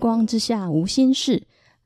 光之下無心事，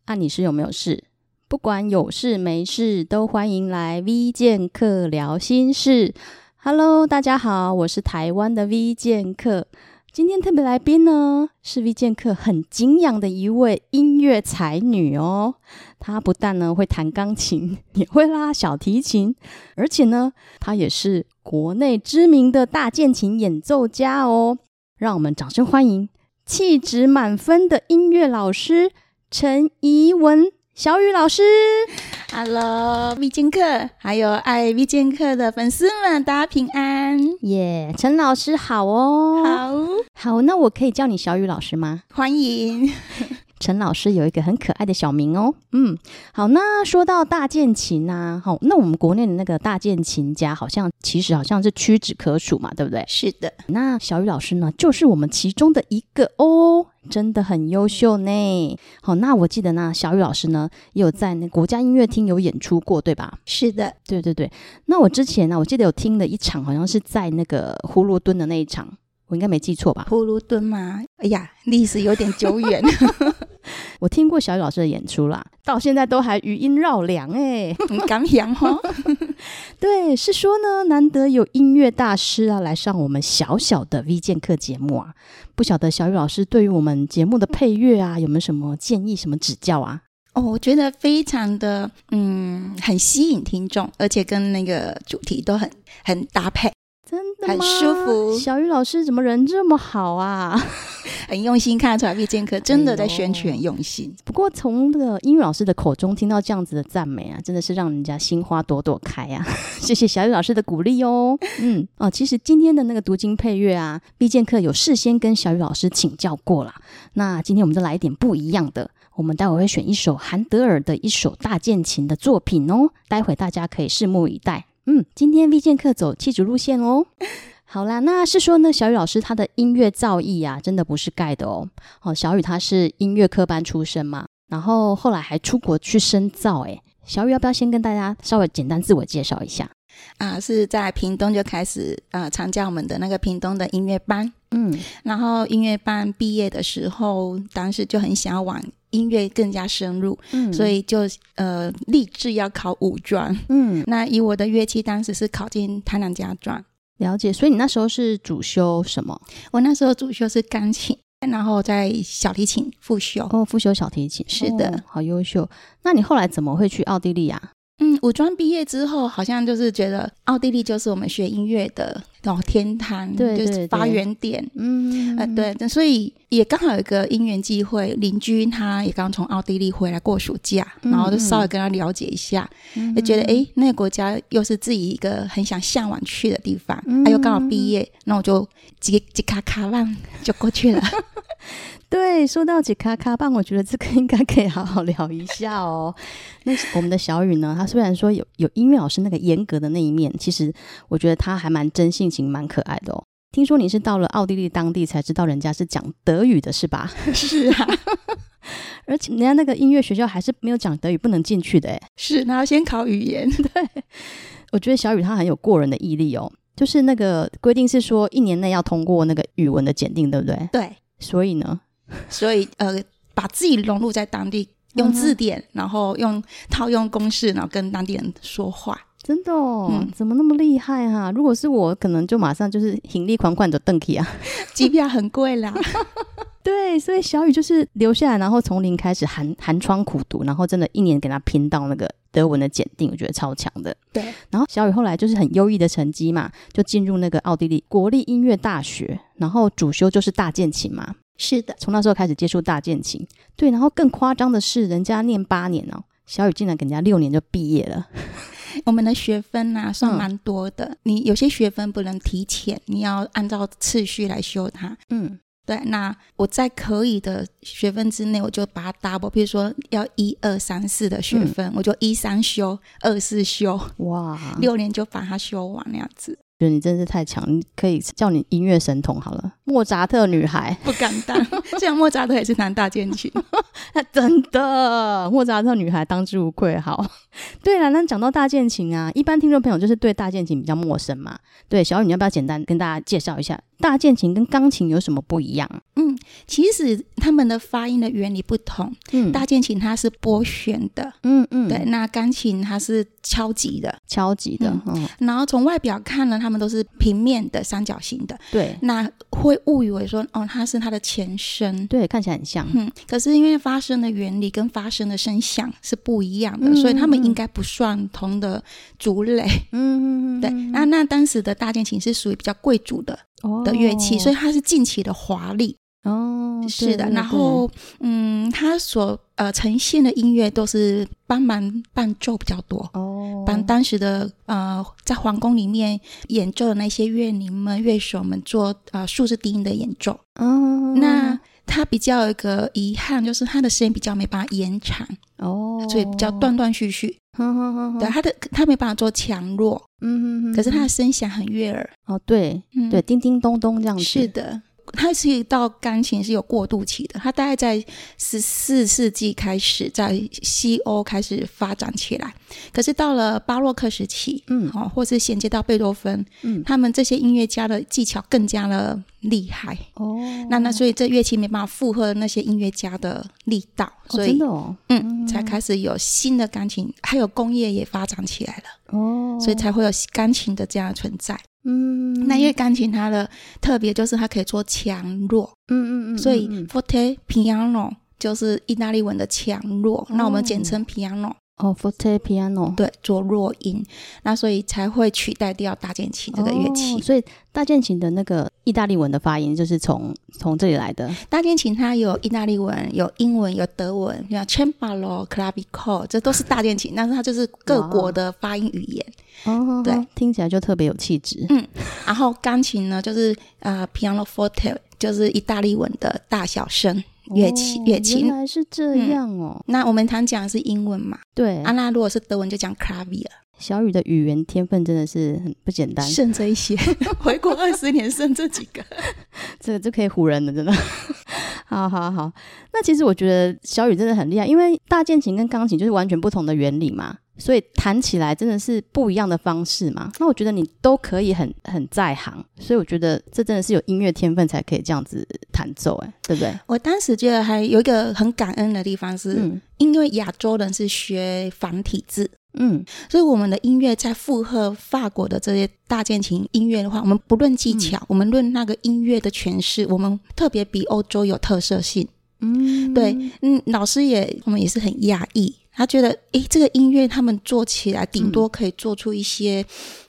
那、啊、你是有沒有事？不管有事沒事，都歡迎來 V 劍客聊心事。Hello，大家好，我是台灣的 V 劍客。今天特別來賓呢，是 V 劍客很敬仰的一位音樂才女哦。她不但呢會彈鋼琴，也會拉小提琴，而且呢，她也是國內知名的大鍵琴演奏家哦。讓我們掌聲歡迎。氣質滿分的音樂老師陳怡雯，小雨老師，Hello，V 劍客，Hello, 還有愛 V 劍客的粉絲們，大家平安耶！Yeah, 陳老師好哦，好好，那我可以叫你小雨老師嗎？歡迎。 陳老師有一個很可愛的小名哦，嗯，好，那說到大鍵琴呢、啊，好，那我們國內的那個大鍵琴家，好像其實好像是屈指可數嘛，對不對？是的，那小雨老師呢，就是我們其中的一個哦，真的很優秀呢。好，那我記得那小雨老師呢，也有在那個國家音樂廳有演出過，對吧？是的，對對對。那我之前呢，我記得有聽了一場，好像是在那個葫蘆墩的那一場，我應該沒記錯吧？葫蘆墩嗎？哎呀，歷史有點久遠。 我聽過小雨老師的演出啦，到現在都還餘音繞梁哎、欸！很感想哦。對，是說呢，難得有音樂大師啊，來上我們小小的 V 健客節目啊，不曉得小雨老師對於我們節目的配樂啊，有沒有什麼建議、什麼指教啊？哦，我覺得非常的嗯，很吸引聽眾，而且跟那個主題都很很搭配。真的嗎？很舒服。小雨老師怎麼人這麼好啊？很用心，看得出來。畢劍客真的在宣傳，用心、哎。不過從那個英語老師的口中聽到這樣子的讚美啊，真的是讓人家心花朵朵開啊！ 謝謝小雨老師的鼓勵哦。 嗯，哦，其實今天的那個讀經配樂啊，畢劍客有事先跟小雨老師請教過了。那今天我們就來一點不一樣的，我們待會會選一首韓德爾的一首大鍵琴的作品哦。待會大家可以拭目以待。嗯，今天利劍課走氣質路線哦。 好啦，那是說呢，小雨老師她的音樂造詣啊，真的不是蓋的哦。哦，小雨她是音樂科班出身嘛，然後後來還出國去深造。誒，小雨要不要先跟大家稍微簡單自我介紹一下？啊、呃，是在屏東就開始啊參加我們的那個屏東的音樂班，嗯，然後音樂班畢業的時候，當時就很想要往。音樂更加深入，嗯，所以就呃立志要考五專，嗯，那以我的樂器，當時是考進台南家專，了解。所以你那時候是主修什麼？我那時候主修是鋼琴，然後再小提琴輔修。哦，輔修小提琴，是的，哦，好優秀。那你後來怎麼會去奧地利呀？嗯，五專畢業之後，好像就是覺得奧地利就是我們學音樂的老天堂，就是發源點。嗯，啊、呃、對，所以也剛好有一個因緣機會，鄰居他也剛從奧地利回來過暑假，嗯，然後就稍微跟他了解一下，就、嗯、覺得哎、欸，那個、國家又是自己一個很想向往去的地方，他、嗯啊、又剛好畢業，那、嗯、我就嘰嘰卡卡浪就過去了。 對，說到吉卡卡棒，但我覺得這個應該可以好好聊一下哦。那我們的小雨呢？他雖然說有有音樂老師那個嚴格的那一面，其實我覺得他還蠻真性情，蠻可愛的哦。聽說你是到了奧地利當地才知道人家是講德語的是吧？ 是啊， 而且人家那個音樂學校還是沒有講德語不能進去的誒，是，然後先考語言。對，我覺得小雨他很有過人的毅力哦。就是那個規定是說一年內要通過那個語文的檢定，對不對？對，所以呢。所以呃，把自己融入在當地，用字典，嗯啊、然後用套用公式，然後跟當地人說話，真的，哦，嗯、怎麼那麼厲害哈、啊？如果是我，可能就馬上就是行李款款的登機啊，機票很貴啦 。 對，所以小雨就是留下來，然後從零開始寒寒窗苦讀，然後真的一年給他拼到那個德文的檢定，我覺得超強的。對，然後小雨後來就是很優異的成績嘛，就進入那個奧地利國立音樂大學，然後主修就是大鍵琴嘛。是的，從那時候開始接觸大鍵琴。對，然後更誇張的是，人家念八年哦、喔，小雨竟然跟人家六年就畢業了。我們的學分啊，算蠻多的。嗯、你有些學分不能提前，你要按照次序來修它。嗯，對。那我在可以的學分之內，我就把它 double，比如說要一二三四的學分，嗯、我就一三修，二四修，哇，六年就把它修完那樣子。覺得你真是太強，你可以叫你音樂神童好了。莫扎特女孩不敢當，這 樣，莫扎特也是彈大鍵琴，那、 啊、真的莫扎特女孩當之無愧。好，對了，那講到大鍵琴啊，一般聽眾朋友就是對大鍵琴比較陌生嘛。對，小雨你要不要簡單跟大家介紹一下大鍵琴跟鋼琴有什麼不一樣？嗯，其實他們的發音的原理不同。嗯，大鍵琴它是撥弦的，嗯嗯，對，那鋼琴它是敲擊的，敲擊的。嗯，然後從外表看呢。他們都是平面的三角形的，對，那會誤以為說，哦，它是它的前身，對，看起來很像，嗯，可是因為發聲的原理跟發聲的聲響是不一樣的，嗯嗯，所以他們應該不算同的族類，嗯嗯嗯，嗯，嗯，對，那那當時的大鍵琴是屬於比較貴族的的樂器，哦，所以它是極盡的華麗。是的，然後嗯，他所呃，呃呈現的音樂都是幫忙伴奏比較多哦，幫、oh. 當，當時的呃在皇宮裡面演奏的那些樂師們、樂手們做呃數字低音的演奏哦。Oh. 那他比較有一個遺憾就是他的聲音比較沒辦法延長哦，oh. 所以比較斷斷續續。哼、oh. 哼對他的他沒辦法做強弱，嗯，哼哼。可是他的聲響很悅耳哦。Oh. 對，對，叮叮咚咚這樣子。嗯、是的。它是一道鋼琴是有過渡期的，它大概在十四世紀開始在西歐開始發展起來，可是到了巴洛克時期，嗯，哦，或是銜接到貝多芬，嗯，他們這些音樂家的技巧更加的厲害，哦，那那所以這樂器沒辦法負荷那些音樂家的力道，所以、哦、真的哦、嗯，嗯，才開始有新的鋼琴，還有工業也發展起來了，哦，所以才會有鋼琴的這樣的存在。嗯，那因為鋼琴它的特別就是它可以做強弱，嗯嗯嗯，嗯，所以 forte piano 就是意大利文的強弱，嗯，那我們簡稱 piano。哦、oh，forte piano，對，做弱音，那所以才會取代掉大鍵琴這個樂器，oh, 所以大鍵琴的那個意大利文的發音就是從從這裡來的。大鍵琴它有意大利文、有英文、有德文，像 Cembalo Clavico，這都是大鍵琴，但是它就是各國的發音語言。哦、oh, oh，oh, 對，聽起來就特別有氣質。嗯，然後鋼琴呢，就是呃，piano forte，就是意大利文的大小聲。樂器，樂器、哦、原來是這樣哦。嗯、那我們常講的是英文嘛？對，啊、那如果是德文就講 Clavier。小雨的語言天分真的是很不簡單。剩這一些， 回國二十年剩這幾個， 這個就可以唬人了。真的。 好，好好好，那其實我覺得小雨真的很厲害，因為大鍵琴跟鋼琴就是完全不同的原理嘛。所以彈起來真的是不一樣的方式嘛？那我覺得你都可以很很在行，所以我覺得這真的是有音樂天分才可以這樣子彈奏，哎，對不對？我當時覺得還有一個很感恩的地方是、嗯，因為亞洲人是學繁體字，嗯，所以我們的音樂在附和法國的這些大鍵琴音樂的話，我們不論技巧、嗯，我們論那個音樂的詮釋，我們特別比歐洲有特色性。嗯，對，嗯，老師也我們也是很訝異，他覺得，誒、欸，這個音樂他們做起來頂多可以做出一些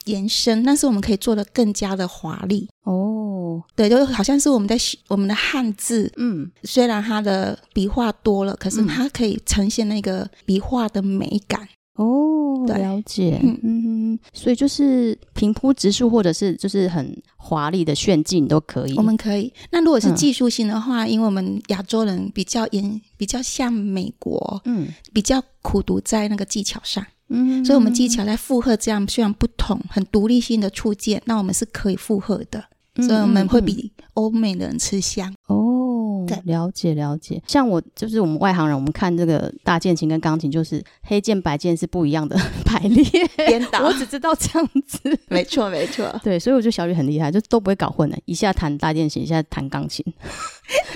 延伸，嗯、但是我們可以做得更加的華麗哦。對，就好像是我們在我們的漢字，嗯，雖然它的筆畫多了，可是它可以呈現那個筆畫的美感。嗯哦，了解，嗯嗯，所以就是平鋪直述，或者是就是很華麗的炫技你都可以。我們可以。那如果是技術性的話、嗯，因為我們亞洲人比較嚴，比較像美國，嗯，比較苦讀在那個技巧上，嗯哼哼，所以我們技巧在負荷這樣，雖然不同，很獨立性的觸鍵，那我們是可以負荷的，所以我們會比歐美的人吃香、嗯、哼哼哦。嗯、了解了解，像我就是我們外行人，我們看這個大鍵琴跟鋼琴，就是黑鍵白鍵是不一樣的排列顛倒。我只知道這樣子，沒錯沒錯。對，所以我覺得小雨很厲害，就都不會搞混的，一下彈大鍵琴，一下彈鋼琴，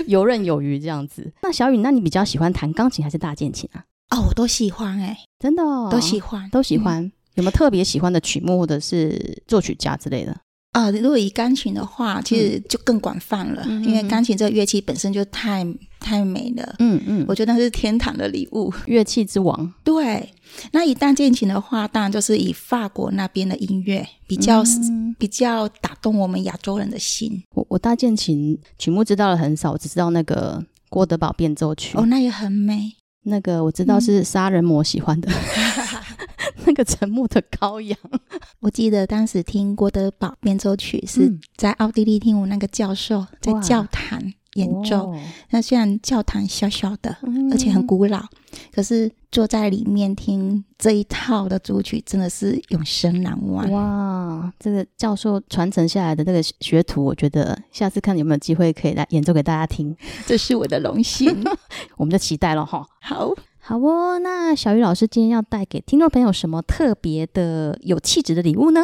游 刃有餘這樣子。 那小雨，那你比較喜歡彈鋼琴還是大鍵琴啊？哦，我都喜歡哎、欸，真的哦，都喜歡都喜歡、嗯。有沒有特別喜歡的曲目或者是作曲家之類的？啊、呃，如果以鋼琴的話，其實就更廣泛了，嗯、因為鋼琴這個樂器本身就太太美了。嗯嗯，我覺得那是天堂的禮物，樂器之王。對，那以大鍵琴的話，當然就是以法國那邊的音樂比較、嗯、比較打動我們亞洲人的心。我我大鍵琴曲目知道的很少，我只知道那個《郭德堡變奏曲》。哦，那也很美。那個我知道是殺人魔喜歡的。嗯那個《沉默的羔羊》，我記得當時聽《郭德堡變奏曲》是在奧地利聽，我那個教授在教堂演奏。嗯哦、那雖然教堂小小的，嗯，而且很古老，可是坐在裡面聽這一套的主曲，真的是永生難忘。哇，這個教授傳承下來的那個學徒，我覺得下次看有沒有機會可以來演奏給大家聽。這是我的榮幸。 我們就期待了哈。好。好喔、哦，那小雨老師今天要帶給聽眾朋友什麼特別的有氣質的禮物呢？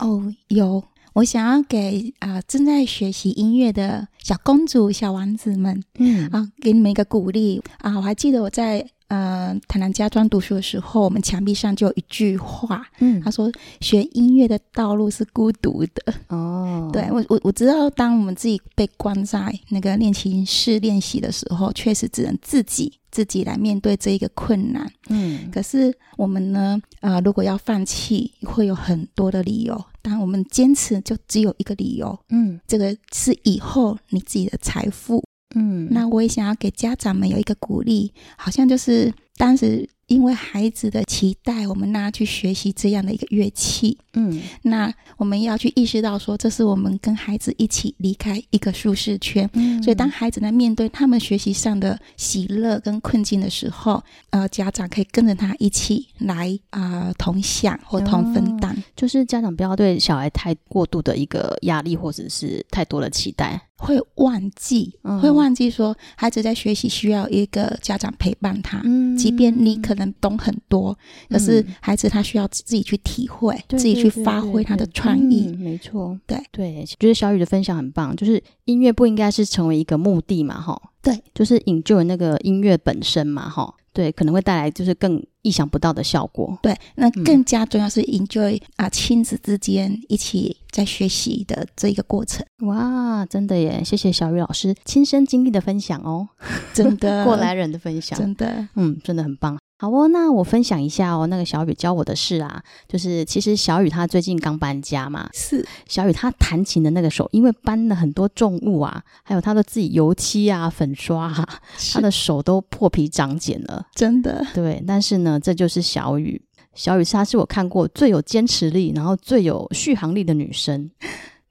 哦，有，我想要給啊、呃、正在學習音樂的小公主、小王子們，嗯啊，給你們一個鼓勵啊！我還記得我在。呃，台南家專讀書的時候，我們牆壁上就有一句話，嗯，他說：“學音樂的道路是孤獨的。”哦，對，我我我知道，當我們自己被關在那個練琴室練習的時候，確實只能自己自己來面對這一個困難，嗯。可是我們呢，呃，如果要放棄，會有很多的理由，當我們堅持就只有一個理由，嗯，這個是以後你自己的財富。嗯，那我也想要給家長們有一個鼓勵，好像就是當時因為孩子的期待，我們讓他去學習這樣的一個樂器。嗯，那我們要去意識到說，這是我們跟孩子一起離開一個舒適圈。嗯，所以當孩子在面對他們學習上的喜樂跟困境的時候，呃，家長可以跟着他一起來啊、呃，同享或同分擔、哦。就是家長不要對小孩太過度的一個壓力，或者是太多的期待。會忘記、嗯，會忘記說孩子在學習需要一個家長陪伴他，嗯、即便你可能懂很多，可、嗯、是孩子他需要自己去體會，嗯、自己去發揮他的創意。沒錯，對對、對、對、對，覺得、嗯嗯就是、小雨的分享很棒，就是音樂不應該是成為一個目的嘛，齁，對，就是 enjoy 那個音樂本身嘛齁，齁。對，可能會帶來就是更意想不到的效果。對，那更加重要是 enjoy 啊，親子之間一起在學習的這一個過程。嗯。哇，真的耶！謝謝小雨老師親身經歷的分享哦，真的 過來人的分享，真的，嗯，真的很棒。好哦，那我分享一下哦，那個小雨教我的事啊，就是其實小雨她最近剛搬家嘛，是小雨她彈琴的那個手，因為搬了很多重物啊，還有她的自己油漆啊粉刷啊，是，她的手都破皮長繭了，真的，對，但是呢，這就是小雨，小雨她是我看過最有堅持力，然後最有續航力的女生。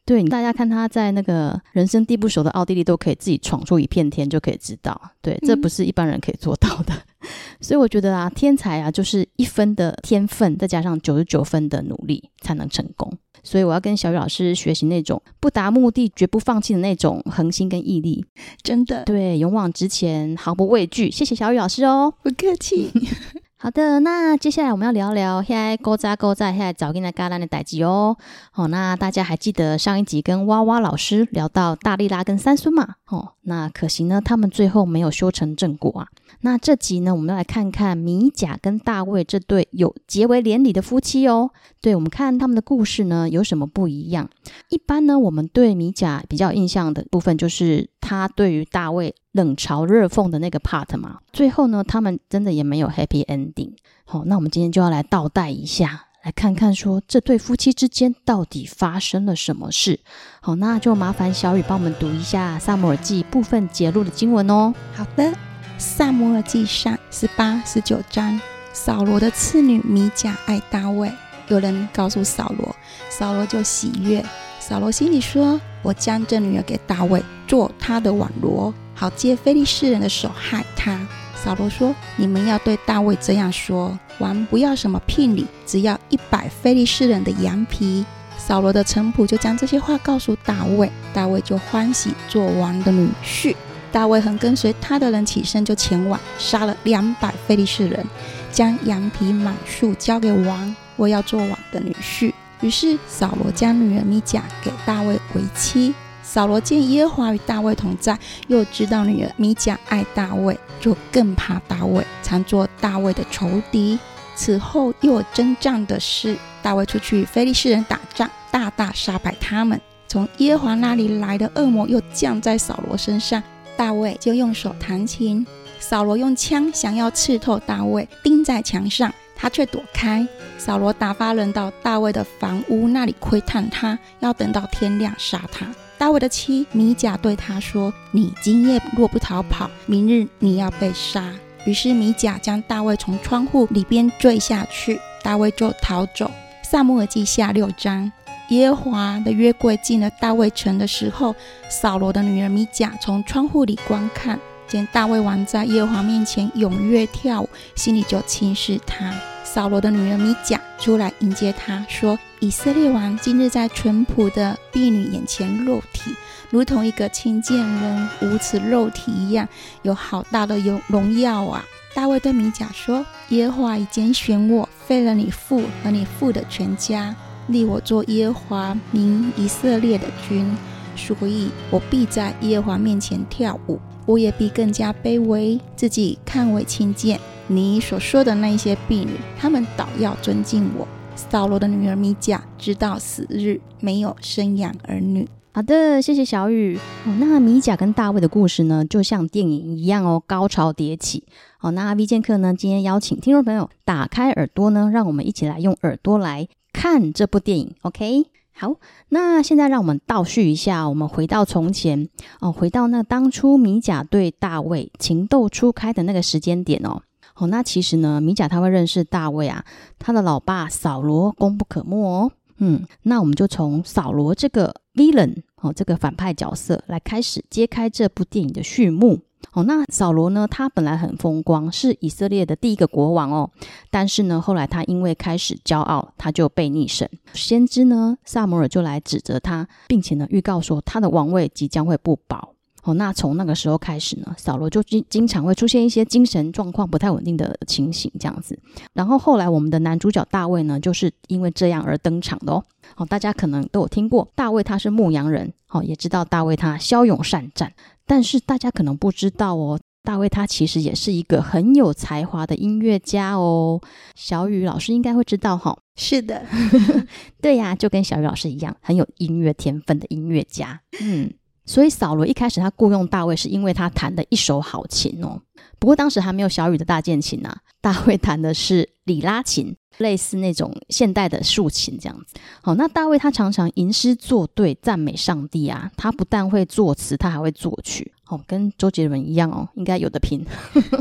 對，大家看他在那個人生地不熟的奧地利，都可以自己闖出一片天，就可以知道，對，這不是一般人可以做到的。嗯。所以我覺得啊，天才啊，就是一分的天分，再加上九十九分的努力才能成功。所以我要跟小雨老師學習那種不達目的絕不放棄的那種恆心跟毅力，真的對，勇往直前，毫不畏懼。謝謝小雨老師哦，不客氣。 好的，那接下來我們要聊聊現在勾扎勾扎現在早今在戛蘭的代誌哦。好、哦，那大家還記得上一集跟哇哇老師聊到大力拉跟三孫嘛？哦，那可惜呢，他們最後沒有修成正果啊。那這集呢，我們要來看看米甲跟大衛這對有結為連理的夫妻哦。對，我們看他們的故事呢有什麼不一樣？一般呢，我們對米甲比較印象的部分就是他對於大衛。冷嘲熱諷的那個 part 嘛，最後呢，他們真的也沒有 happy ending。好、哦，那我們今天就要來倒帶一下，來看看說這對夫妻之間到底發生了什麼事。好、哦，那就麻煩小雨幫我們讀一下《撒母耳記》部分節錄的經文哦。好的，《撒母耳記上》十八、十九章，掃羅的次女米甲愛大衛，有人告訴掃羅，掃羅就喜悅。.掃羅心裡說：“我將這女兒給大衛做他的網羅，好借非利士人的手害他。”掃羅說：“你們要對大衛這樣說：王不要什麼聘禮，只要一百非利士人的羊皮。”掃羅的臣僕就將這些話告訴大衛，大衛就歡喜做王的女婿。大衛和跟隨他的人起身就前往，殺了兩百非利士人，將羊皮滿數交給王：“我要做王的女婿。”於是掃羅將女兒米甲給大衛為妻。掃羅見耶和華與大衛同在，又知道女兒米甲愛大衛，就更怕大衛，常做大衛的仇敵。此後又有征戰的事，大衛出去與非利士人打仗，大大殺敗他們。從耶和華那裡來的惡魔又降在掃羅身上，大衛就用手彈琴。掃羅用槍想要刺透大衛，釘在牆上。他卻躲開。掃羅打發人到大衛的房屋那裡窺探他，他要等到天亮殺他。大衛的妻米甲對他說：“你今夜若不逃跑，明日你要被殺。”於是米甲將大衛從窗戶裡邊墜下去，大衛就逃走。撒母耳記下六章，耶和華的約櫃進了大衛城的時候，掃羅的女兒米甲從窗戶裡觀看。見大衛王在耶和華面前踴躍跳舞，心裡就輕視他。掃羅的女兒米甲出來迎接他，說：“以色列王今日在淳樸的婢女眼前露體，如同一個輕賤人無恥露體一樣，有好大的榮榮耀啊！”大衛對米甲說：“耶和華已經選我，廢了你父和你父的全家，立我做耶和華民以色列的君，所以我必在耶和華面前跳舞。”我也必更加卑微，自己看為輕賤。你所說的那一些婢女，他們倒要尊敬我。掃羅的女兒米甲，直到死日沒有生養兒女。好的，謝謝小雨。哦，那米甲跟大衛的故事呢，就像電影一樣哦，高潮迭起。哦，那阿 V 健客呢，今天邀請聽眾朋友打開耳朵呢，讓我們一起來用耳朵來看這部電影。OK。好，那現在讓我們倒敘一下，我們回到從前哦，回到那當初米甲對大衛情竇初開的那個時間點哦。哦，那其實呢，米甲他會認識大衛啊，他的老爸掃羅功不可沒哦。嗯，那我們就從掃羅這個 villain 哦，這個反派角色來開始揭開這部電影的序幕。哦，那掃羅呢，他本來很風光，是以色列的第一個國王哦。但是呢，後來他因為開始驕傲，他就背逆神。先知呢，撒母耳就來指責他，並且呢，預告說他的王位即將會不保。哦，那從那個時候開始呢，掃羅就經經常會出現一些精神狀況不太穩定的情形，這樣子。然後後來我們的男主角大衛呢，就是因為這樣而登場的哦。大家可能都有聽過大衛，他是牧羊人，好，也知道大衛他驍勇善戰，但是大家可能不知道哦，大衛他其實也是一個很有才華的音樂家哦。小雨老師應該會知道哈、哦，是的， 對呀、啊，就跟小雨老師一樣很有音樂天分的音樂家，嗯，所以掃羅一開始他僱傭大衛是因為他彈的一手好琴哦，不過當時還沒有小雨的大鍵琴啊。大衛彈的是里拉琴，類似那種現代的豎琴這樣子。好、哦，那大衛他常常吟詩作對，讚美上帝啊。他不但會作詞，他還會作曲。哦，跟周杰倫一樣哦，應該有得拼。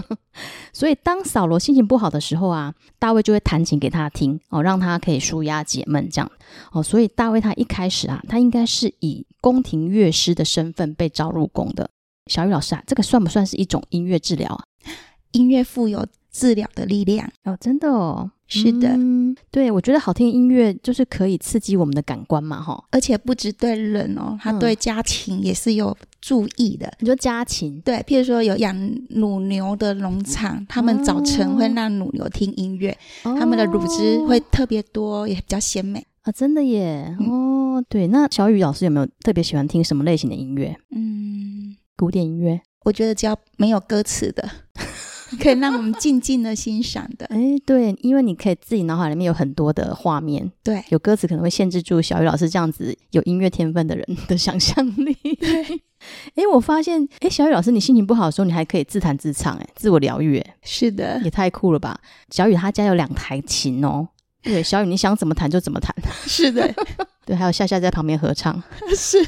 所以當掃羅心情不好的時候啊，大衛就會彈琴給他聽，哦，讓他可以舒壓解悶這樣。哦，所以大衛他一開始啊，他應該是以宮廷樂師的身份被召入宮的。小雨老師啊，這個算不算是一種音樂治療啊？音樂富有。治療的力量哦，真的哦，是的，嗯、對，我覺得好聽音樂就是可以刺激我們的感官嘛，哈、哦，而且不止對人哦，他對家禽也是有注意的。你說家禽，對，譬如說有養乳牛的農場，哦，他們早晨會讓乳牛聽音樂，哦，他們的乳汁會特別多，也比較鮮美啊、哦，真的耶、嗯。哦，對，那小雨老師有沒有特別喜歡聽什麼類型的音樂？嗯，古典音樂，我覺得只要沒有歌詞的。可以讓我們靜靜的欣賞的，哎、欸，對，因為你可以自己腦海裡面有很多的畫面，對，有歌詞可能會限制住小雨老師這樣子有音樂天分的人的想象力。對，哎、欸，我發現，哎、欸，小雨老師，你心情不好的時候，你還可以自彈自唱、欸，誒，自我療愈、欸，是的，也太酷了吧！小雨他家有兩台琴哦、喔，對，小雨你想怎麼彈就怎麼彈，是的， 對，還有夏夏在旁邊合唱，是。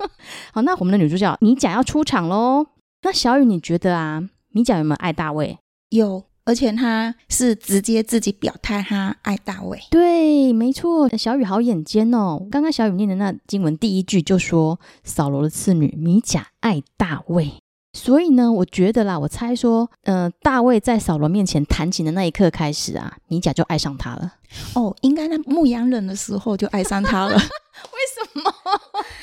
好，那我們的女主角米甲要出場嘍。那小雨，你覺得啊？米甲有沒有愛大衛？有，而且他是直接自己表態，他愛大衛。對，沒錯，小雨好眼尖哦！剛剛小雨念的那經文第一句就說：“掃羅的次女米甲愛大衛。”所以呢，我覺得啦，我猜說，呃，大衛在掃羅面前彈琴的那一刻開始啊，米甲就愛上他了。哦，應該那牧羊人的時候就愛上他了。 為什麼？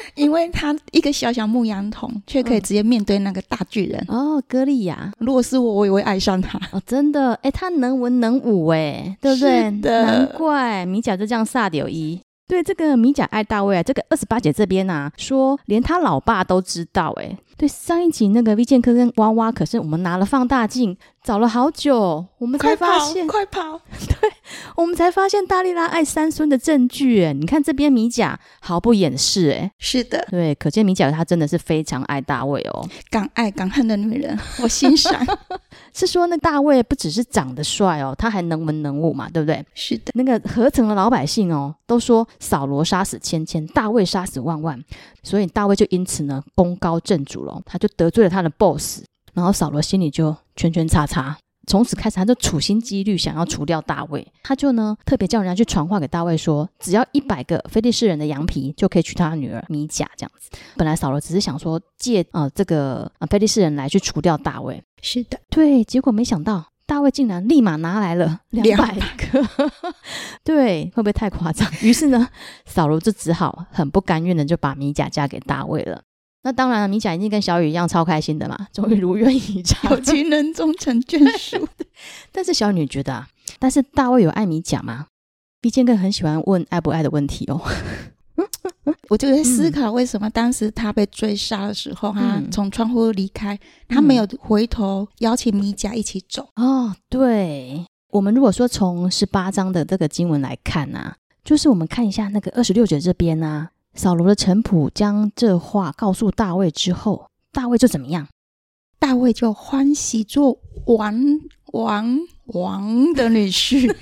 因為他一個小小牧羊童，卻可以直接面對那個大巨人。嗯、哦，歌利亞！如果是我，我也會愛上他。哦，真的，誒、欸、他能文能武、欸，哎，對不對？是的，難怪米甲就這樣撒屌。一。對這個米甲愛大衛啊，這個二十八姐這邊啊，說連他老爸都知道、欸，誒對，上一集那個 V 劍科跟娃娃，可是我們拿了放大鏡找了好久，我們才發現，快跑！快跑。對，我們才發現大利拉愛參孫的證據。哎，你看這邊米甲毫不掩飾，哎，是的，對，可見米甲他真的是非常愛大衛哦。敢愛敢恨的女人， 我欣賞。 是說那大衛不只是長得帥哦，他還能文能武嘛，對不對？是的，那個闔城的老百姓哦，都說掃羅殺死千千，大衛殺死萬萬，所以大衛就因此呢功高震主了。他就得罪了他的 boss，然後掃羅心裡就圈圈叉叉。從此開始，他就處心積慮想要除掉大衛。他就呢特別叫人家去傳話給大衛說，只要一百個非利士人的羊皮就可以娶他女兒米甲。這樣子，本來掃羅只是想說借，呃這個呃非利士人來去除掉大衛。是的，對。結果沒想到大衛竟然立馬拿來了兩百個， 對，會不會太誇張？ 於是呢，掃羅就只好很不甘願的就把米甲嫁給大衛了。那當然米甲一定跟小雨一樣超開心的嘛，終於如願以償，有情人終成眷屬的。 但是小雨覺得啊，但是大衛有愛米甲嗎？畢竟更很喜歡問愛不愛的問題哦。 嗯、我就在思考，為什麼當時他被追殺的時候，嗯、他從窗戶離開、嗯，他沒有回頭邀請米甲一起走？哦，對，我們如果說從十八章的這個經文來看啊，就是我們看一下那個二十六節這邊啊。掃羅的臣僕將這話告訴大衛之後，大衛就怎麼樣？大衛就歡喜做王王王的女婿。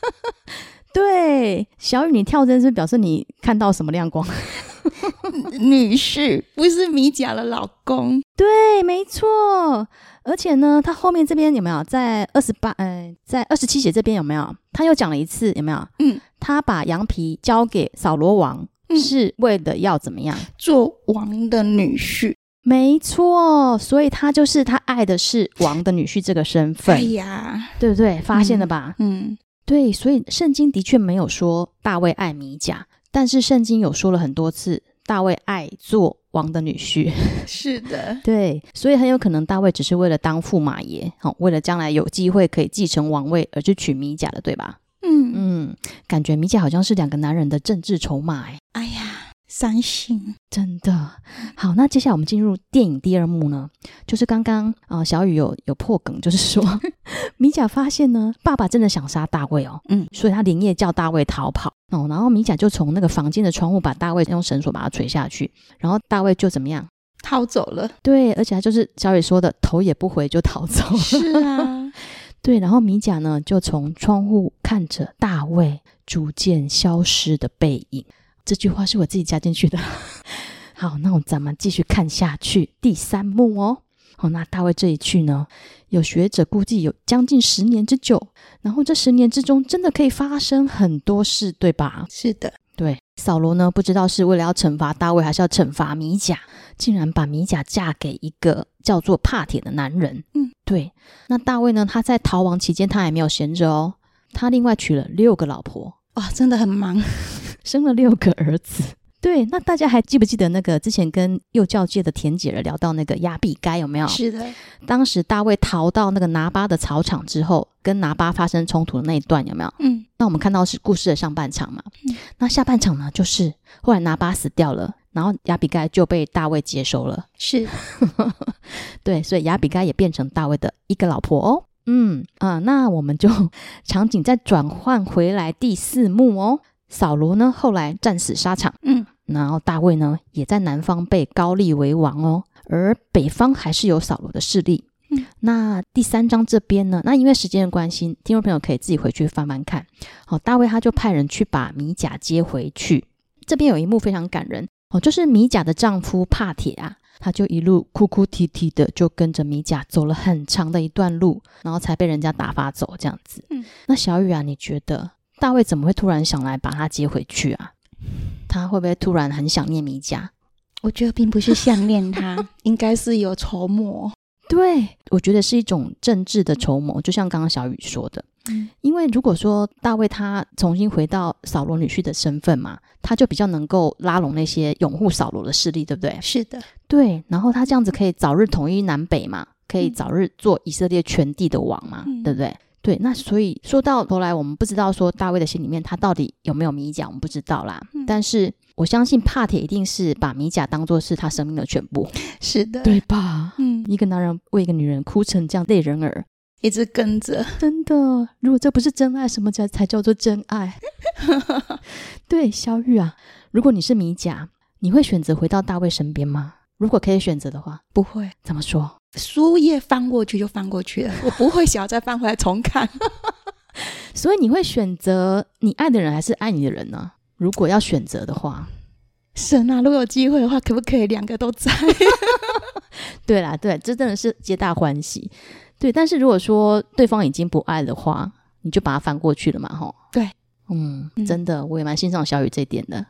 對，小雨，你跳針是，是表示你看到什麼亮光？ 女婿不是米甲的老公。對，沒錯。而且呢，他後面這邊有沒有在二十八？哎，在二十七節這邊有沒有？他又講了一次有沒有？嗯，他把羊皮交給掃羅王。是為了要怎麼樣、嗯、做王的女婿？沒錯，所以他就是他愛的是王的女婿這個身份，對、 哎、呀，對不對？發現了吧？嗯，嗯，對，所以聖經的確沒有說大衛愛米甲，但是聖經有說了很多次大衛愛做王的女婿。 是的，對，所以很有可能大衛只是為了當駙馬爺，好、哦，為了將來有機會可以繼承王位而去娶米甲的，對吧？嗯嗯，感覺米甲好像是兩個男人的政治籌碼哎三性真的好，那接下來我們進入電影第二幕呢，就是剛剛啊，小雨有有破梗，就是說 米甲發現呢，爸爸真的想殺大衛哦，嗯，所以他連夜叫大衛逃跑哦，然後米甲就從那個房間的窗戶把大衛用繩索把他垂下去，然後大衛就怎麼樣逃走了，對，而且他就是小雨說的頭也不回就逃走了，是啊， 對，然後米甲呢就從窗戶看着大衛逐漸消失的背影。這句話是我自己加進去的。 好，那我們咱們繼續看下去第三幕哦。好，那大衛這一去呢，有學者估計有將近十年之久。然後這十年之中，真的可以發生很多事，對吧？是的，對。掃羅呢，不知道是為了要懲罰大衛，還是要懲罰米甲，竟然把米甲嫁給一個叫做帕鐵的男人。嗯，對。那大衛呢，他在逃亡期間，他也沒有閒着哦，他另外娶了六個老婆。哇、哦，真的很忙。生了六個兒子，對。那大家還記不記得那個之前跟幼教界的田姐兒聊到那個亞比該？有沒有？是的。當時大衛逃到那個拿巴的草場之後，跟拿巴發生衝突的那一段有沒有？嗯。那我們看到是故事的上半場嘛。嗯。那下半場呢，就是後來拿巴死掉了，然後亞比該就被大衛接收了。是。 對，所以亞比該也變成大衛的一個老婆哦。嗯啊，那我們就場景再轉換回來第四幕哦。掃羅呢，後來戰死沙場。嗯，然後大衛呢，也在南方被膏立為王哦。而北方還是有掃羅的勢力。嗯，那第三章這邊呢，那因為時間的關係，聽眾朋友可以自己回去翻翻看。好、哦，大衛他就派人去把米甲接回去。這邊有一幕非常感人哦，就是米甲的丈夫帕鐵啊，他就一路哭哭啼啼啼的，就跟着米甲走了很長的一段路，然後才被人家打發走這樣子。嗯，那小雨啊，你覺得？大衛怎麼會突然想來把他接回去啊？他會不會突然很想念米甲？我覺得並不是想念他， 應該是有籌謀。對，我覺得是一種政治的籌謀。嗯、就像剛剛小雨說的，因為如果說大衛他重新回到掃羅女婿的身份嘛，他就比較能夠拉攏那些擁護掃羅的勢力，對不對？是的，對。然後他這樣子可以早日統一南北嘛，可以早日做以色列全地的王嘛，嗯、對不對？對，那所以說到頭來，我們不知道說大衛的心裡面他到底有沒有米甲，我們不知道啦、嗯。但是我相信帕鐵一定是把米甲當作是他生命的全部，是的，對吧？嗯，一個男人為一個女人哭成這樣，淚人兒，一直跟着，真的。如果這不是真愛，什麼才才叫做真愛？ 對，小雨啊，如果你是米甲，你會選擇回到大衛身邊嗎？如果可以選擇的話，不會。怎麼說？書頁翻過去就翻過去了，我不會想要再翻回來重看。 所以你會選擇你愛的人還是愛你的人呢？如果要選擇的話、嗯，神啊，如果有機會的話，可不可以兩個都在？ 對啦，對啦，這真的是皆大歡喜。對，但是如果說對方已經不愛的話，你就把他翻過去了嘛，吼。對，嗯，嗯，真的，我也蠻欣賞小雨這點的。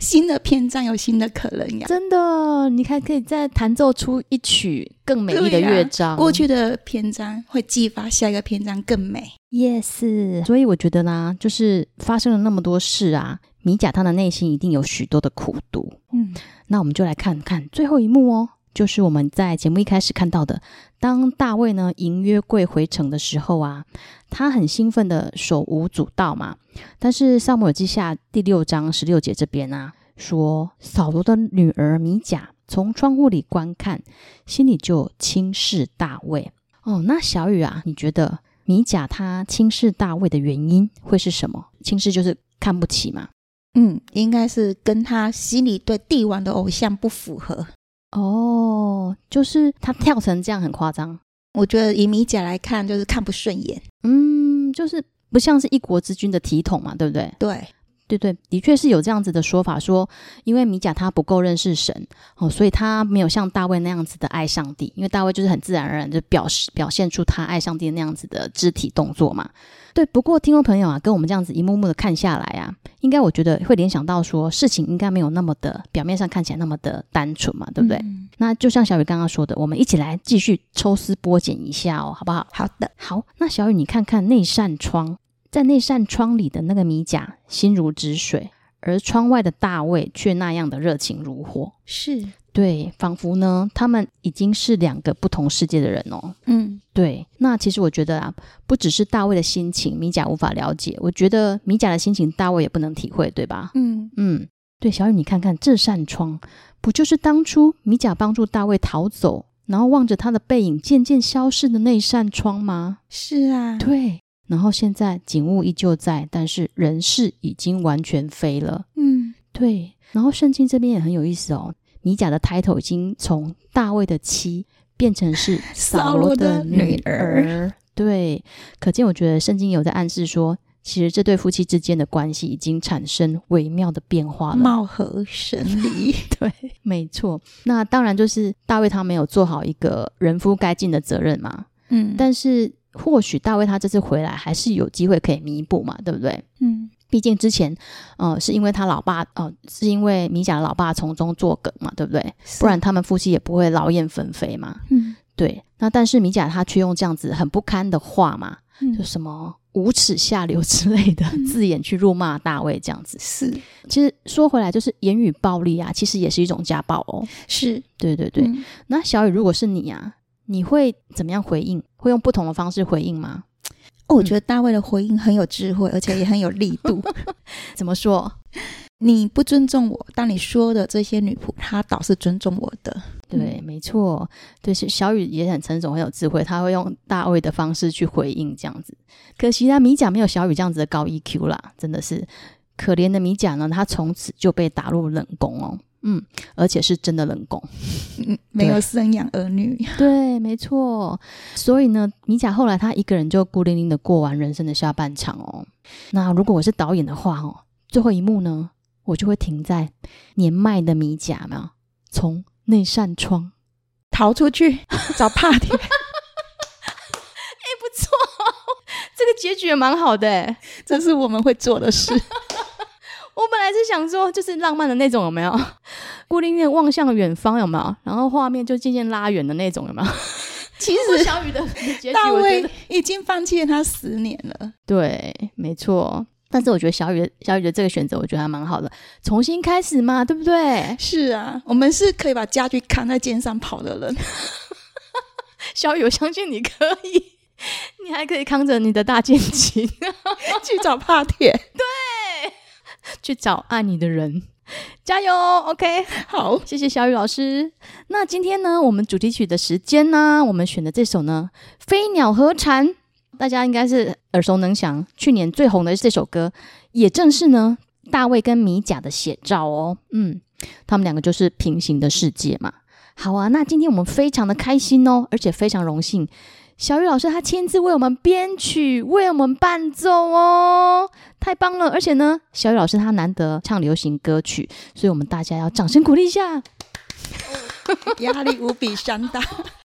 新的篇章有新的可能呀！真的，你看，可以再彈奏出一曲更美麗的樂章、啊。過去的篇章會激發下一個篇章更美。Yes，所以我覺得呢，就是發生了那麼多事啊，米甲他的內心一定有許多的苦毒。嗯，那我們就來看看最後一幕哦，就是我們在節目一開始看到的。當大衛呢，迎約櫃回城的時候啊，他很興奮的手舞足蹈嘛。但是撒母耳記下第六章十六節這邊啊，說掃羅的女兒米甲從窗戶裡觀看，心裡就輕視大衛。哦，那小雨啊，你覺得米甲她輕視大衛的原因會是什麼？輕視就是看不起嗎？嗯，應該是跟他心裡對帝王的偶像不符合。哦，就是他跳成這樣很誇張，我覺得以米甲來看，就是看不順眼，嗯，就是不像是一國之君的體統嘛，對不對？對。對對，的確是有這樣子的說法，說因為米甲他不夠認識神哦，所以他沒有像大衛那樣子的愛上帝，因為大衛就是很自然而然就表示表現出他愛上帝那樣子的肢體動作嘛。對，不過聽眾朋友啊，跟我們這樣子一幕幕的看下來啊，應該我覺得會聯想到說事情應該沒有那麼的表面上看起來那麼的單純嘛，對不對？嗯。那就像小雨剛剛說的，我們一起來繼續抽絲剝繭一下哦，好不好？好的，好，那小雨你看看那扇窗。但那扇窗裡的那個米甲心如止水，而窗外的大衛卻那樣的熱情如火。是對，仿佛呢，他們已經是兩個不同世界的人哦。嗯，對。那其實我覺得啊，不只是大衛的心情，米甲無法了解，我覺得米甲的心情，大衛也不能體會，對吧？嗯嗯，對。小雨，你看看這扇窗，不就是當初米甲幫助大衛逃走，然後望着他的背影漸漸消失的那扇窗嗎？是啊，對。然後現在景物依舊在，但是人事已經完全飛了。嗯，對。然後聖經這邊也很有意思哦，米甲的抬頭已經從大衛的妻變成是掃羅的，的女兒。對，可見我覺得聖經有在暗示說，其實這對夫妻之間的關係已經產生微妙的變化了，貌合神離。 對，沒錯。那當然就是大衛他沒有做好一個人夫該盡的責任嘛。嗯，但是。或許大衛他這次回來還是有機會可以彌補嘛，對不對？嗯，畢竟之前，呃，是因為他老爸，呃，是因為米甲老爸從中作梗嘛，對不對？不然他們夫妻也不會勞燕分飛嘛。嗯，對。那但是米甲他卻用這樣子很不堪的話嘛，嗯、就什麼無恥下流之類的字眼去辱罵大衛，這樣子是、嗯。其實說回來，就是言語暴力啊，其實也是一種家暴哦、喔。是，對對對、對、嗯。那小雨，如果是你啊，你會怎麼樣回應？會用不同的方式回應嗎？哦，嗯。我覺得大衛的回應很有智慧，而且也很有力度。 怎麼說？你不尊重我，但你說的這些女僕，她倒是尊重我的。對，嗯、沒錯，對，小雨也很成熟，很有智慧，她會用大衛的方式去回應這樣子。可惜她，啊、米甲沒有小雨這樣子的高 EQ 啦，真的是。可憐的米甲呢，她從此就被打入冷宮哦。嗯，而且是真的冷宮，沒有生養兒女呀。對，對，沒錯。所以呢，米甲後來他一個人就孤零零的過完人生的下半場哦。那如果我是導演的話哦，最後一幕呢，我就會停在年邁的米甲呢，從那扇窗逃出去找帕提。哎，不錯，這個結局也蠻好的。這是我們會做的事。我本來是想說，就是浪漫的那種，有沒有？孤零零望向遠方，有沒有？然後畫面就漸漸拉遠的那種，有沒有？其實小雨的結局，大衛已經放棄了他十年了。對，沒錯。但是我覺得小雨，小雨的這個選擇，我覺得還蠻好的，重新開始嘛，對不對？是啊，我們是可以把家具扛在肩上跑的人。 小雨，我相信你可以，你還可以扛着你的大鍵琴 去找帕怕鐵。 對。去找愛你的人，加油！OK，好，謝謝小雨老師。那今天呢，我們主題曲的時間呢，啊，我們選的這首呢，《飛鳥和蟬》，大家應該是耳熟能詳。去年最紅的這首歌，也正是呢大衛跟米甲的寫照哦。嗯，他們兩個就是平行的世界嘛。好啊，那今天我們非常的開心哦，而且非常榮幸。小雨老師她親自為我們編曲，為我們伴奏哦，太棒了！而且呢，小雨老師她難得唱流行歌曲，所以我們大家要掌聲鼓勵一下，壓力無比山大。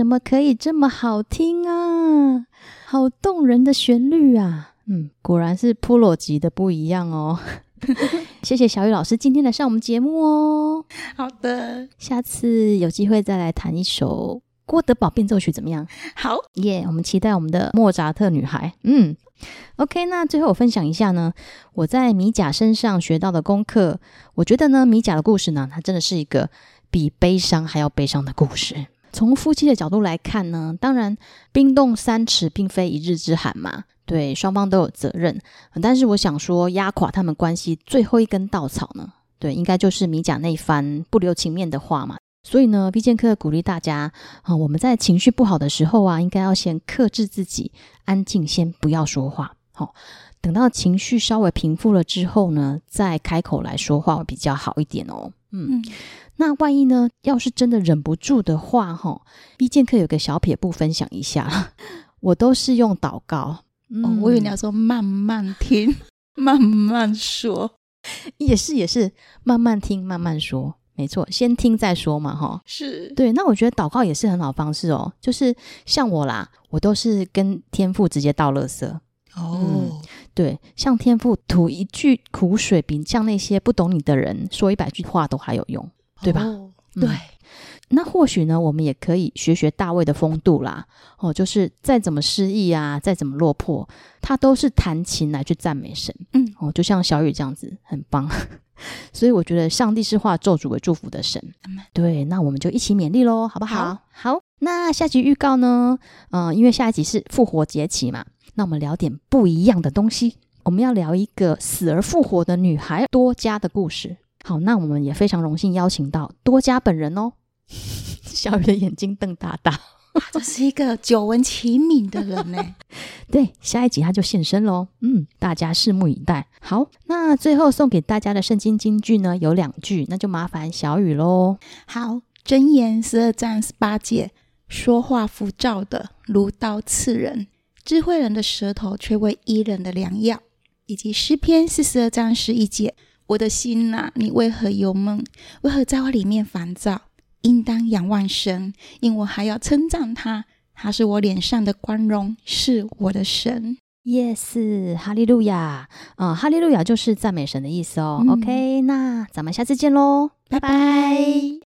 怎麼可以這麼好聽啊！好動人的旋律啊！嗯，果然是 Pro 級的不一樣哦。 謝謝小雨老師今天來上我們節目哦。好的，下次有機會再來彈一首《郭德堡變奏曲》怎麼樣？好耶！Yeah, 我們期待我們的莫扎特女孩。嗯，OK，那最後我分享一下呢，我在米甲身上學到的功課。我覺得呢，米甲的故事呢，它真的是一個比悲傷還要悲傷的故事。從夫妻的角度來看呢，當然冰凍三尺並非一日之寒嘛，對，雙方都有責任。但是我想說，壓垮他們關係最後一根稻草呢，對，應該就是米甲那一番不留情面的話嘛。所以呢，畢建克鼓勵大家啊、呃，我們在情緒不好的時候啊，應該要先克制自己，安靜，先不要說話。好、哦，等到情緒稍微平復了之後呢，再開口來說話會比較好一點哦。嗯。嗯那萬一呢？要是真的忍不住的話，哈，畢竟可以有個小撇步分享一下，我都是用禱告。嗯，哦、我以為你要說慢慢聽，慢慢說，也是也是慢慢聽慢慢說，沒錯，先聽再說嘛，哈、哦，是。對，那我覺得禱告也是很好方式哦，就是像我啦，我都是跟天父直接倒垃圾。哦，嗯、對，向天父吐一句苦水，比向那些不懂你的人說一百句話都還有用。對吧、哦，嗯？對，那或許呢，我們也可以學學大衛的風度啦。哦，就是再怎麼失意啊，再怎麼落魄，他都是彈琴來去讚美神。嗯，哦，就像小雨這樣子，很棒。 所以我覺得，上帝是化咒詛為祝福的神。嗯。對，那我們就一起勉勵嘍，好不好？好？好，那下集預告呢？嗯、呃，因為下一集是復活節期嘛，那我們聊點不一樣的東西。我們要聊一個死而復活的女孩多加的故事。好，那我們也非常榮幸邀請到多加本人哦。 小雨的眼睛瞪大大 、啊，這是一個久聞其名的人呢。 對，下一集他就現身嘍。嗯，大家拭目以待。好，那最後送給大家的聖經金句呢，有兩句，那就麻煩小雨嘍。好，箴言，十二章十八節，說話浮躁的如刀刺人，智慧人的舌頭卻為醫人的良藥。以及詩篇四十二章十一節。我的心哪、啊，你為何憂悶？為何在我裡面煩躁？應當仰望神，因為我還要稱讚他。他是我臉上的光榮，是我的神。Yes，哈利路亞。啊，哈利路亞就是讚美神的意思哦。嗯、OK，那咱們下次見嘍，拜拜。Bye bye